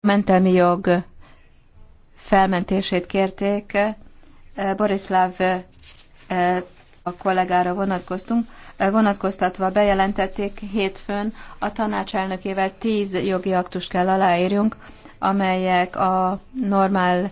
mentelmi jog felmentését kérték, Borislav eh, a kollégára vonatkoztunk, eh, vonatkoztatva bejelentették hétfőn a tanácselnökével tíz jogi aktust kell aláírjunk, amelyek a normál